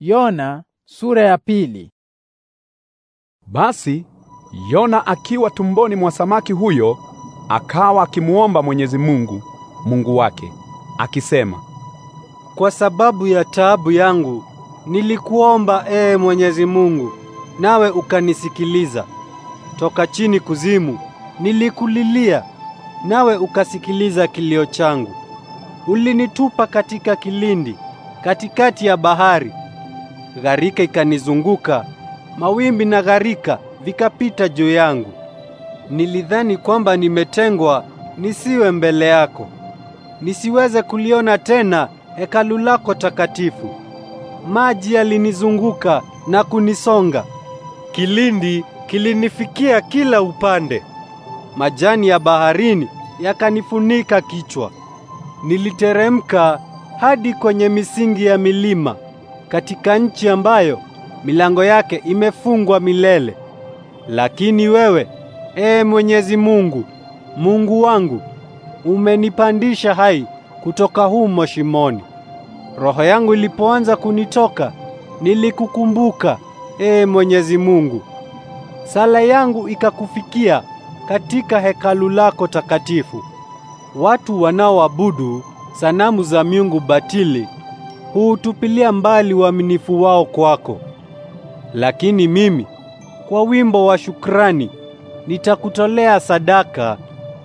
Yona sura ya pili. Basi Yona akiwa tumboni mwa samaki huyo akawa akimuomba Mwenyezi Mungu, Mungu wake, akisema, Kwa sababu ya taabu yangu nilikuomba, ee Mwenyezi Mungu, nawe ukanisikiliza. Toka chini kuzimu nilikulilia, nawe ukasikiliza kilio changu. Ulinitupa katika kilindi, katikati ya bahari gharika ikanizunguka, mawimbi na gharika vikapita juu yangu. Nilidhani kwamba nimetengwa nisiwe mbele yako, nisiweze kuliona tena hekalu lako takatifu. Maji yalinizunguka na kunisonga, kilindi kilinifikia kila upande, majani ya baharini yakanifunika kichwa. Niliteremka hadi kwenye misingi ya milima katika nchi ambayo milango yake imefungwa milele. Lakini wewe, ee Mwenyezi Mungu, Mungu wangu, umenipandisha hai kutoka humo shimoni. Roho yangu ilipoanza kunitoka, nilikukumbuka, ee Mwenyezi Mungu. Sala yangu ikakufikia katika hekalu lako takatifu. Watu wanaoabudu sanamu za miungu batili huutupilia mbali uaminifu wao kwako. Lakini mimi kwa wimbo wa shukrani nitakutolea sadaka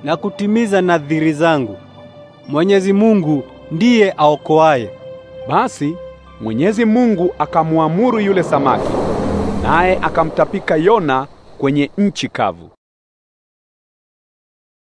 na kutimiza nadhiri zangu. Mwenyezi Mungu ndiye aokoaye. Basi Mwenyezi Mungu akamwamuru yule samaki, naye akamtapika Yona kwenye nchi kavu.